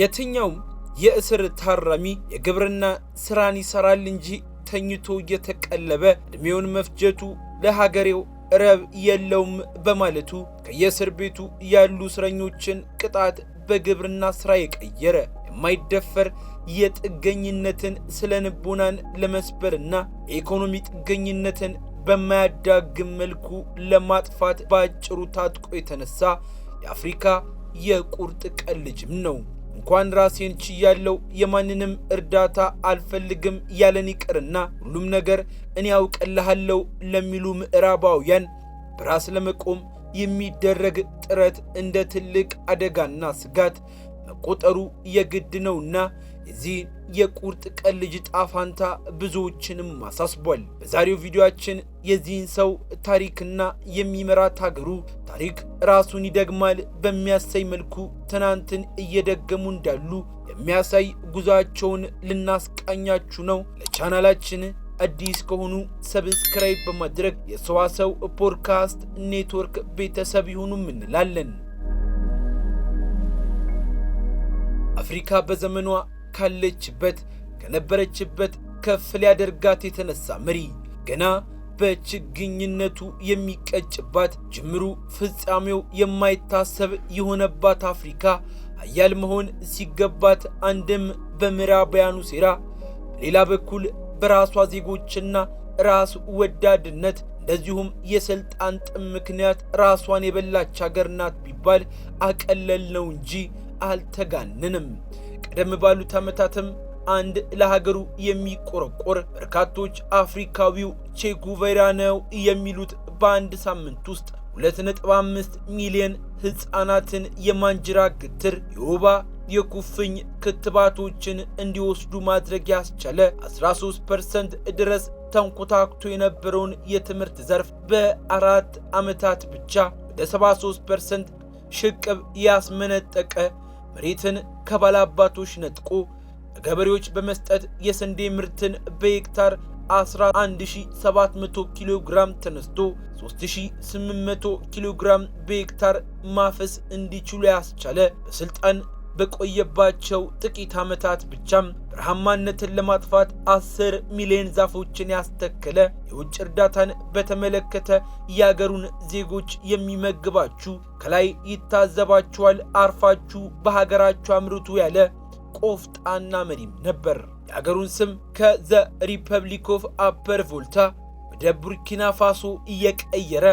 የትኛውም የእስር ታራሚ የግብርና ስራን ይሰራል እንጂ ተኝቶ እየተቀለበ እድሜውን መፍጀቱ ለሀገሬው ረብ የለውም በማለቱ ከየእስር ቤቱ ያሉ እስረኞችን ቅጣት በግብርና ስራ የቀየረ የማይደፈር የጥገኝነትን ስለ ልቦናን ለመስበርና የኢኮኖሚ ጥገኝነትን በማያዳግም መልኩ ለማጥፋት በአጭሩ ታጥቆ የተነሳ የአፍሪካ የቁርጥ ቀን ልጅም ነው። እንኳን ራሴን ችያለው፣ የማንንም እርዳታ አልፈልግም ያለን ይቅርና ሁሉም ነገር እኔ ያውቀልሃለው ለሚሉ ምዕራባውያን በራስ ለመቆም የሚደረግ ጥረት እንደ ትልቅ አደጋና ስጋት መቆጠሩ የግድ ነውና የዚህ የቁርጥ ቀን ልጅ ዕጣ ብዙዎችንም አሳስቧል። በዛሬው ቪዲዮአችን የዚህን ሰው ታሪክና የሚመራት ሀገሩ ታሪክ ራሱን ይደግማል በሚያሳይ መልኩ ትናንትን እየደገሙ እንዳሉ የሚያሳይ ጉዟቸውን ልናስቃኛችሁ ነው። ለቻናላችን አዲስ ከሆኑ ሰብስክራይብ በማድረግ የሰዋሰው ፖድካስት ኔትወርክ ቤተሰብ ይሁኑም እንላለን። አፍሪካ በዘመኗ ካለችበት ከነበረችበት ከፍ ሊያደርጋት የተነሳ መሪ ገና በችግኝነቱ የሚቀጭባት ጅምሩ ፍጻሜው የማይታሰብ የሆነባት አፍሪካ አያል መሆን ሲገባት አንድም በምዕራባውያኑ ሴራ፣ በሌላ በኩል በራሷ ዜጎችና ራስ ወዳድነት እንደዚሁም የሥልጣን ጥም ምክንያት ራሷን የበላች አገር ናት ቢባል አቀለል ነው እንጂ አልተጋንንም። ቀደም ባሉት ዓመታትም አንድ ለሀገሩ የሚቆረቆር በርካቶች አፍሪካዊው ቼጉቬራ ነው የሚሉት በአንድ ሳምንት ውስጥ 2.5 ሚሊዮን ሕፃናትን የማንጅራ ግትር፣ የወባ፣ የኩፍኝ ክትባቶችን እንዲወስዱ ማድረግ ያስቻለ 13 ፐርሰንት ድረስ ተንኮታክቶ የነበረውን የትምህርት ዘርፍ በአራት ዓመታት ብቻ ወደ 73 ፐርሰንት ሽቅብ ያስመነጠቀ መሬትን ከባላባቶች ነጥቆ ለገበሬዎች በመስጠት የስንዴ ምርትን በሄክታር 11700 ኪሎ ግራም ተነስቶ 3800 ኪሎ ግራም በሄክታር ማፈስ እንዲችሉ ያስቻለ በስልጣን በቆየባቸው ጥቂት ዓመታት ብቻም በረሃማነትን ለማጥፋት አስር ሚሊዮን ዛፎችን ያስተከለ የውጭ እርዳታን በተመለከተ የአገሩን ዜጎች የሚመግባችሁ ከላይ ይታዘባችኋል፣ አርፋችሁ በሀገራችሁ አምርቱ ያለ ቆፍጣና መሪም ነበር። የአገሩን ስም ከዘ ሪፐብሊክ ኦፍ አፐር ቮልታ ወደ ቡርኪና ፋሶ እየቀየረ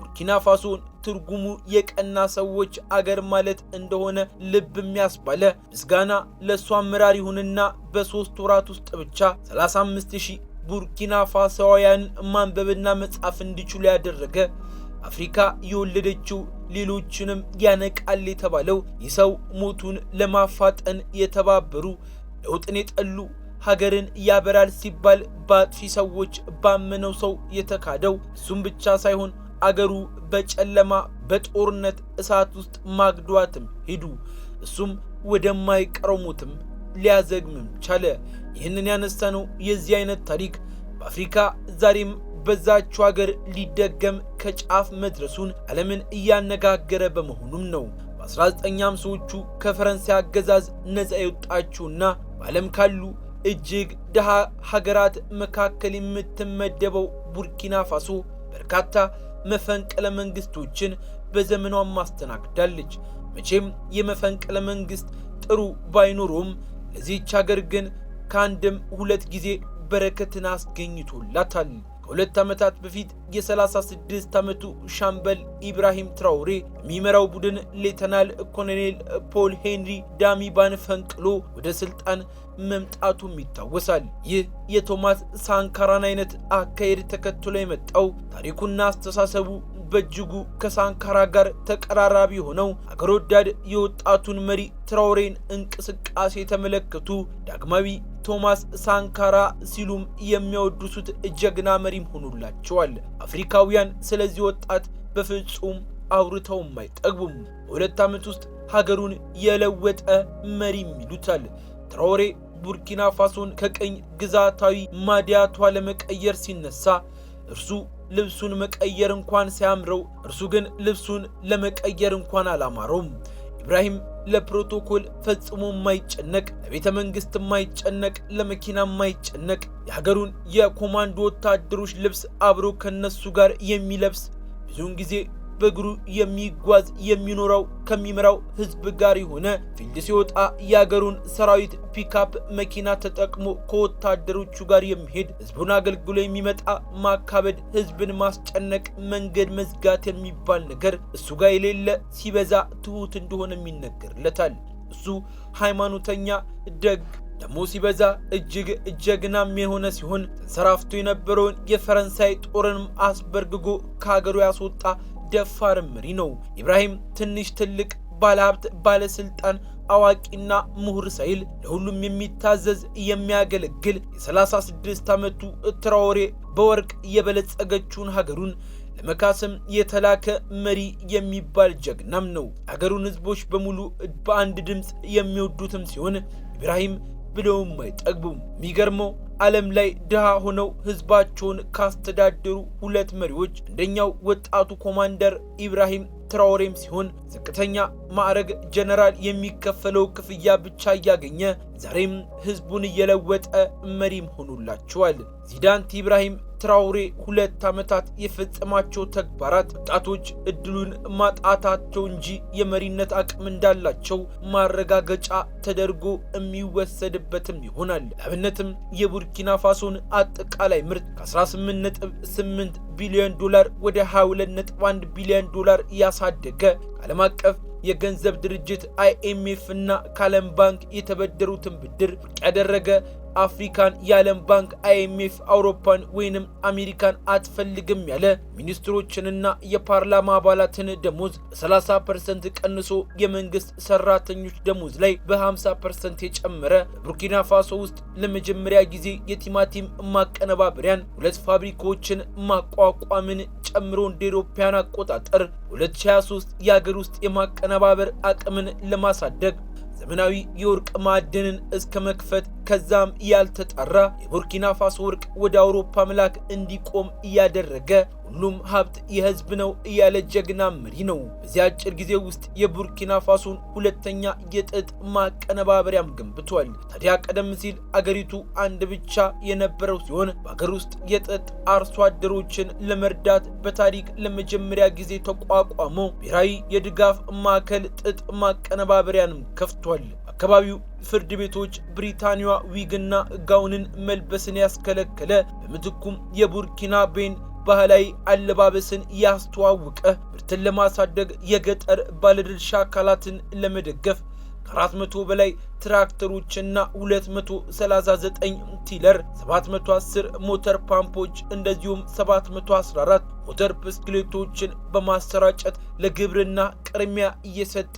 ቡርኪና ፋሶን ትርጉሙ የቀና ሰዎች አገር ማለት እንደሆነ ልብ የሚያስባለ ምስጋና ለእሷ አመራር ይሁንና በሶስት ወራት ውስጥ ብቻ 35 ሺህ ቡርኪና ፋሶውያን ማንበብና መጻፍ እንዲችሉ ያደረገ አፍሪካ የወለደችው ሌሎችንም ያነቃል የተባለው ይህ ሰው ሞቱን ለማፋጠን የተባበሩ ለውጥን የጠሉ ሀገርን ያበራል ሲባል በአጥፊ ሰዎች ባመነው ሰው የተካደው እሱም ብቻ ሳይሆን አገሩ በጨለማ በጦርነት እሳት ውስጥ ማግዷትም ሄዱ። እሱም ወደማይቀረሙትም ሊያዘግምም ቻለ። ይህንን ያነሳነው የዚህ አይነት ታሪክ በአፍሪካ ዛሬም በዛችው ሀገር ሊደገም ከጫፍ መድረሱን ዓለምን እያነጋገረ በመሆኑም ነው። በ1950ዎቹ ከፈረንሳይ አገዛዝ ነፃ የወጣችውና በዓለም ካሉ እጅግ ድሃ ሀገራት መካከል የምትመደበው ቡርኪና ፋሶ በርካታ መፈንቅለ መንግስቶችን በዘመኗም አስተናግዳለች። መቼም የመፈንቅለ መንግስት ጥሩ ባይኖሩም ለዚህች ሀገር ግን ከአንድም ሁለት ጊዜ በረከትን አስገኝቶላታል። ከሁለት ዓመታት በፊት የ36 ዓመቱ ሻምበል ኢብራሂም ትራውሬ የሚመራው ቡድን ሌተናል ኮሎኔል ፖል ሄንሪ ዳሚባን ፈንቅሎ ወደ ስልጣን መምጣቱም ይታወሳል። ይህ የቶማስ ሳንካራን አይነት አካሄድ ተከትሎ የመጣው ታሪኩና አስተሳሰቡ በእጅጉ ከሳንካራ ጋር ተቀራራቢ ሆነው አገር ወዳድ የወጣቱን መሪ ትራውሬን እንቅስቃሴ የተመለከቱ ዳግማዊ ቶማስ ሳንካራ ሲሉም የሚያወድሱት ጀግና መሪም ሆኑላቸዋል። አፍሪካውያን ስለዚህ ወጣት በፍጹም አውርተውም አይጠግቡም። በሁለት ዓመት ውስጥ ሀገሩን የለወጠ መሪም ይሉታል። ትራኦሬ ቡርኪና ፋሶን ከቀኝ ግዛታዊ ማዲያቷ ለመቀየር ሲነሳ እርሱ ልብሱን መቀየር እንኳን ሳያምረው እርሱ ግን ልብሱን ለመቀየር እንኳን አላማረውም። ኢብራሂም ለፕሮቶኮል ፈጽሞ የማይጨነቅ ለቤተ መንግስት የማይጨነቅ ለመኪና የማይጨነቅ የሀገሩን የኮማንዶ ወታደሮች ልብስ አብሮ ከነሱ ጋር የሚለብስ ብዙውን ጊዜ በእግሩ የሚጓዝ የሚኖረው ከሚመራው ህዝብ ጋር የሆነ ፊልድ ሲወጣ የአገሩን ሰራዊት ፒካፕ መኪና ተጠቅሞ ከወታደሮቹ ጋር የሚሄድ ህዝቡን አገልግሎ የሚመጣ ማካበድ፣ ህዝብን ማስጨነቅ፣ መንገድ መዝጋት የሚባል ነገር እሱ ጋር የሌለ ሲበዛ ትሑት እንደሆነም ይነገርለታል። እሱ ሃይማኖተኛ፣ ደግ ደሞ ሲበዛ እጅግ ጀግናም የሆነ ሲሆን ተንሰራፍቶ የነበረውን የፈረንሳይ ጦርንም አስበርግጎ ከሀገሩ ያስወጣ ደፋር መሪ ነው። ኢብራሂም ትንሽ ትልቅ፣ ባለሀብት፣ ባለስልጣን፣ አዋቂና ምሁር ሳይል ለሁሉም የሚታዘዝ የሚያገለግል የ36 ዓመቱ ትራዎሬ በወርቅ የበለጸገችውን ሀገሩን ለመካሰም የተላከ መሪ የሚባል ጀግናም ነው። ሀገሩን ህዝቦች በሙሉ በአንድ ድምፅ የሚወዱትም ሲሆን ኢብራሂም ብለውም አይጠግቡም። የሚገርመው ዓለም ላይ ድሃ ሆነው ህዝባቸውን ካስተዳደሩ ሁለት መሪዎች አንደኛው ወጣቱ ኮማንደር ኢብራሂም ትራኦሬም ሲሆን ዝቅተኛ ማዕረግ ጀነራል የሚከፈለው ክፍያ ብቻ እያገኘ ዛሬም ህዝቡን እየለወጠ መሪም ሆኑላቸዋል። ዚዳን ኢብራሂም ትራውሬ ሁለት ዓመታት የፈጸማቸው ተግባራት ወጣቶች እድሉን ማጣታቸው እንጂ የመሪነት አቅም እንዳላቸው ማረጋገጫ ተደርጎ የሚወሰድበትም ይሆናል። ለአብነትም የቡርኪና ፋሶን አጠቃላይ ምርት ከ18.8 ቢሊዮን ዶላር ወደ 22.1 ቢሊዮን ዶላር ያሳደገ ዓለም አቀፍ የገንዘብ ድርጅት አይኤምኤፍ እና ከዓለም ባንክ የተበደሩትን ብድር ያደረገ አፍሪካን፣ የዓለም ባንክ፣ አይኤምኤፍ፣ አውሮፓን ወይንም አሜሪካን አትፈልግም ያለ ሚኒስትሮችንና የፓርላማ አባላትን ደሞዝ በ30 ፐርሰንት ቀንሶ የመንግስት ሰራተኞች ደሞዝ ላይ በ50 ፐርሰንት የጨመረ በቡርኪና ፋሶ ውስጥ ለመጀመሪያ ጊዜ የቲማቲም ማቀነባበሪያን ሁለት ፋብሪካዎችን ማቋቋምን ጨምሮ እንደ ኢሮፓያን አቆጣጠር 2023 የአገር ውስጥ የማቀነባበር አቅምን ለማሳደግ ዘመናዊ የወርቅ ማዕድንን እስከ መክፈት ከዛም ያልተጣራ የቡርኪና ፋሶ ወርቅ ወደ አውሮፓ መላክ እንዲቆም እያደረገ ሁሉም ሀብት የህዝብ ነው እያለ ጀግና መሪ ነው። በዚህ አጭር ጊዜ ውስጥ የቡርኪና ፋሶን ሁለተኛ የጥጥ ማቀነባበሪያም ገንብቷል። ታዲያ ቀደም ሲል አገሪቱ አንድ ብቻ የነበረው ሲሆን በአገር ውስጥ የጥጥ አርሶ አደሮችን ለመርዳት በታሪክ ለመጀመሪያ ጊዜ ተቋቋመው ብሔራዊ የድጋፍ ማዕከል ጥጥ ማቀነባበሪያንም ከፍቷል። አካባቢው ፍርድ ቤቶች ብሪታንያ ዊግና ጋውንን መልበስን ያስከለከለ በምትኩም የቡርኪና ቤን ባህላዊ አለባበስን ያስተዋወቀ ምርትን ለማሳደግ የገጠር ባለድርሻ አካላትን ለመደገፍ ከ400 በላይ ትራክተሮችና 239 ቲለር፣ 710 ሞተር ፓምፖች እንደዚሁም 714 ሞተር ብስክሌቶችን በማሰራጨት ለግብርና ቅድሚያ እየሰጠ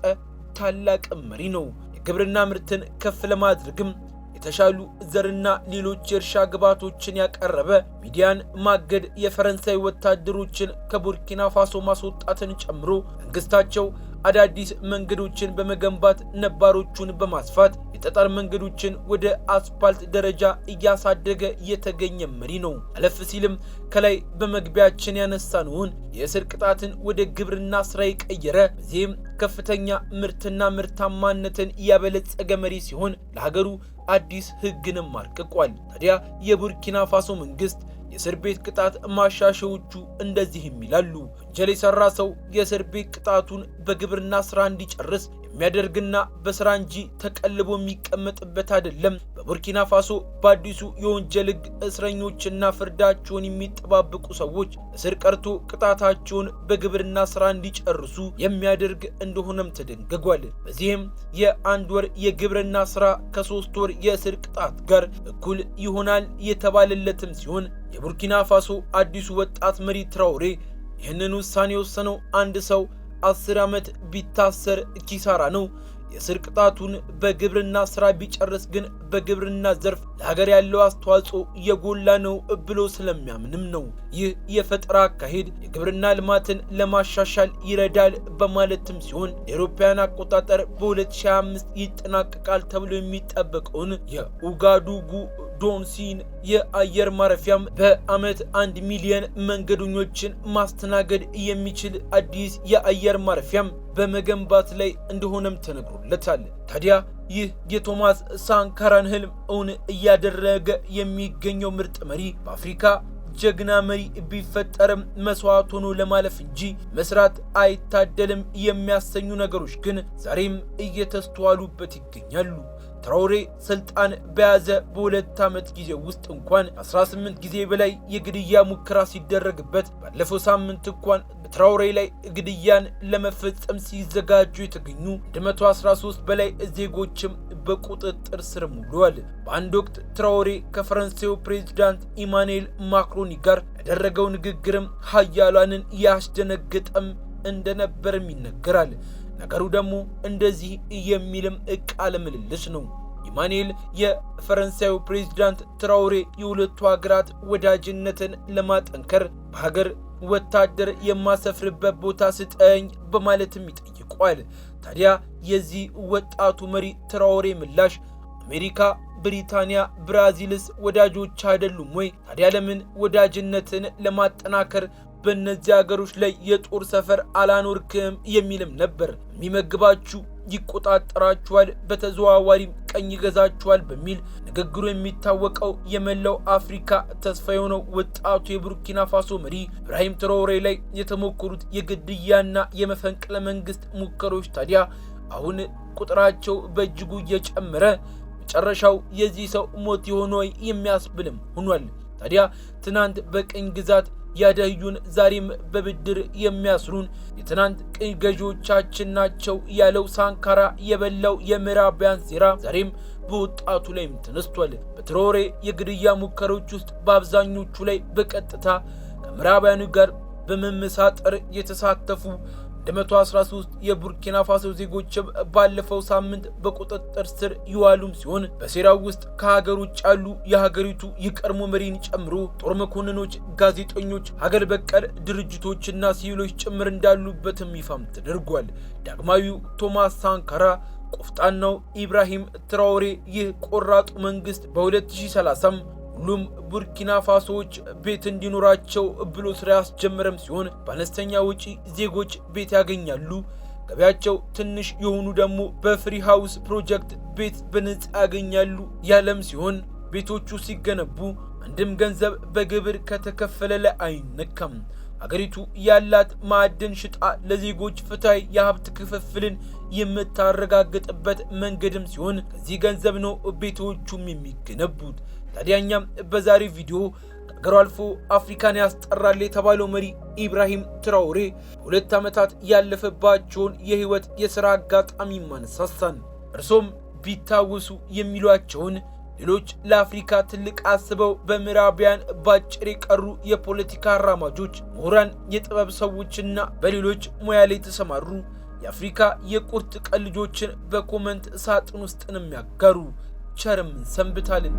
ታላቅ መሪ ነው። የግብርና ምርትን ከፍ ለማድረግም የተሻሉ ዘርና ሌሎች የእርሻ ግብዓቶችን ያቀረበ ሚዲያን ማገድ፣ የፈረንሳይ ወታደሮችን ከቡርኪና ፋሶ ማስወጣትን ጨምሮ መንግስታቸው አዳዲስ መንገዶችን በመገንባት ነባሮቹን በማስፋት የጠጠር መንገዶችን ወደ አስፓልት ደረጃ እያሳደገ የተገኘ መሪ ነው። አለፍ ሲልም ከላይ በመግቢያችን ያነሳነውን የእስር ቅጣትን ወደ ግብርና ስራ የቀየረ በዚህም ከፍተኛ ምርትና ምርታማነትን እያበለጸገ መሪ ሲሆን ለሀገሩ አዲስ ሕግንም አርቅቋል። ታዲያ የቡርኪና ፋሶ መንግስት የእስር ቤት ቅጣት ማሻሻዎቹ እንደዚህም ይላሉ። ወንጀል የሰራ ሰው የእስር ቤት ቅጣቱን በግብርና ስራ እንዲጨርስ የሚያደርግና በስራ እንጂ ተቀልቦ የሚቀመጥበት አይደለም። በቡርኪና ፋሶ በአዲሱ የወንጀል ህግ እስረኞችና ፍርዳቸውን የሚጠባበቁ ሰዎች እስር ቀርቶ ቅጣታቸውን በግብርና ስራ እንዲጨርሱ የሚያደርግ እንደሆነም ተደንግጓል። በዚህም የአንድ ወር የግብርና ስራ ከሶስት ወር የእስር ቅጣት ጋር እኩል ይሆናል የተባለለትም ሲሆን የቡርኪና ፋሶ አዲሱ ወጣት መሪ ትራውሬ ይህንን ውሳኔ የወሰነው አንድ ሰው አስር ዓመት ቢታሰር ኪሳራ ነው። የስር ቅጣቱን በግብርና ስራ ቢጨርስ ግን በግብርና ዘርፍ ለሀገር ያለው አስተዋጽኦ የጎላ ነው ብሎ ስለሚያምንም ነው። ይህ የፈጠራ አካሄድ የግብርና ልማትን ለማሻሻል ይረዳል በማለትም ሲሆን የአውሮፓውያን አቆጣጠር በ2025 ይጠናቀቃል ተብሎ የሚጠበቀውን የኡጋዱጉ ዶንሲን የአየር ማረፊያም በአመት አንድ ሚሊየን መንገደኞችን ማስተናገድ የሚችል አዲስ የአየር ማረፊያም በመገንባት ላይ እንደሆነም ተነግሮለታል። ታዲያ ይህ የቶማስ ሳንካራን ህልም እውን እያደረገ የሚገኘው ምርጥ መሪ በአፍሪካ ጀግና መሪ ቢፈጠርም መስዋዕት ሆኖ ለማለፍ እንጂ መስራት አይታደልም የሚያሰኙ ነገሮች ግን ዛሬም እየተስተዋሉበት ይገኛሉ። ትራውሬ ስልጣን በያዘ በሁለት ዓመት ጊዜ ውስጥ እንኳን 18 ጊዜ በላይ የግድያ ሙከራ ሲደረግበት ባለፈው ሳምንት እንኳን በትራውሬ ላይ ግድያን ለመፈጸም ሲዘጋጁ የተገኙ 113 በላይ ዜጎችም በቁጥጥር ስር ውለዋል። በአንድ ወቅት ትራውሬ ከፈረንሳዩ ፕሬዚዳንት ኢማኑኤል ማክሮኒ ጋር ያደረገው ንግግርም ሀያሏንን ያስደነገጠም እንደነበርም ይነገራል። ነገሩ ደግሞ እንደዚህ የሚልም እቃለ ምልልስ ነው። ኢማኑኤል የፈረንሳዩ ፕሬዚዳንት ትራውሬ የሁለቱ ሀገራት ወዳጅነትን ለማጠንከር በሀገር ወታደር የማሰፍርበት ቦታ ስጠኝ በማለትም ይጠይቋል። ታዲያ የዚህ ወጣቱ መሪ ትራውሬ ምላሽ አሜሪካ፣ ብሪታንያ፣ ብራዚልስ ወዳጆች አይደሉም ወይ? ታዲያ ለምን ወዳጅነትን ለማጠናከር በእነዚህ ሀገሮች ላይ የጦር ሰፈር አላኖርክም የሚልም ነበር። የሚመግባችሁ ይቆጣጠራችኋል፣ በተዘዋዋሪም ቀኝ ይገዛችኋል በሚል ንግግሩ የሚታወቀው የመላው አፍሪካ ተስፋ የሆነው ወጣቱ የቡርኪና ፋሶ መሪ ኢብራሂም ትራኦሬ ላይ የተሞከሩት የግድያና የመፈንቅለ መንግስት ሙከሮች ታዲያ አሁን ቁጥራቸው በእጅጉ እየጨመረ መጨረሻው የዚህ ሰው ሞት የሆነ ወይ የሚያስብልም ሆኗል። ታዲያ ትናንት በቅኝ ግዛት ያደዩን፣ ዛሬም በብድር የሚያስሩን የትናንት ቅኝ ገዢዎቻችን ናቸው ያለው ሳንካራ የበላው የምዕራባውያን ሴራ ዛሬም በወጣቱ ላይም ተነስቷል። በትሮሬ የግድያ ሙከሮች ውስጥ በአብዛኞቹ ላይ በቀጥታ ከምዕራባውያኑ ጋር በመመሳጠር የተሳተፉ 113 የቡርኪና ፋሶ ዜጎች ባለፈው ሳምንት በቁጥጥር ስር ይዋሉም ሲሆን በሴራው ውስጥ ከሀገር ውጭ ያሉ የሀገሪቱ የቀድሞ መሪን ጨምሮ ጦር መኮንኖች፣ ጋዜጠኞች፣ ሀገር በቀል ድርጅቶችና ሲቪሎች ጭምር እንዳሉበትም ይፋም ተደርጓል። ዳግማዊው ቶማስ ሳንካራ ቆፍጣናው ኢብራሂም ትራውሬ ይህ ቆራጡ መንግስት በ2030 ሁሉም ቡርኪና ፋሶዎች ቤት እንዲኖራቸው ብሎ ስራ ያስጀመረም ሲሆን በአነስተኛ ወጪ ዜጎች ቤት ያገኛሉ። ገቢያቸው ትንሽ የሆኑ ደግሞ በፍሪ ሃውስ ፕሮጀክት ቤት በነጻ ያገኛሉ ያለም ሲሆን ቤቶቹ ሲገነቡ አንድም ገንዘብ በግብር ከተከፈለ አይነካም። አገሪቱ ያላት ማዕድን ሽጣ ለዜጎች ፍትሐዊ የሀብት ክፍፍልን የምታረጋግጥበት መንገድም ሲሆን ከዚህ ገንዘብ ነው ቤቶቹም የሚገነቡት። ታዲያ እኛም ቪዲዮ ከሀገሩ አልፎ አፍሪካን ያስጠራል የተባለው መሪ ኢብራሂም ትራውሬ ሁለት ዓመታት ያለፈባቸውን የህይወት የሥራ አጋጣሚ ማነሳሳን እርሶም ቢታወሱ የሚሏቸውን ሌሎች ለአፍሪካ ትልቅ አስበው በምዕራቢያን ባጭር የቀሩ የፖለቲካ አራማጆች፣ ምሁራን፣ የጥበብ ሰዎችና በሌሎች ሙያ ላይ የተሰማሩ የአፍሪካ የቁርጥ ቀን ልጆችን በኮመንት ሳጥን ውስጥ ነው የሚያጋሩ። ቸርም ሰንብታልን።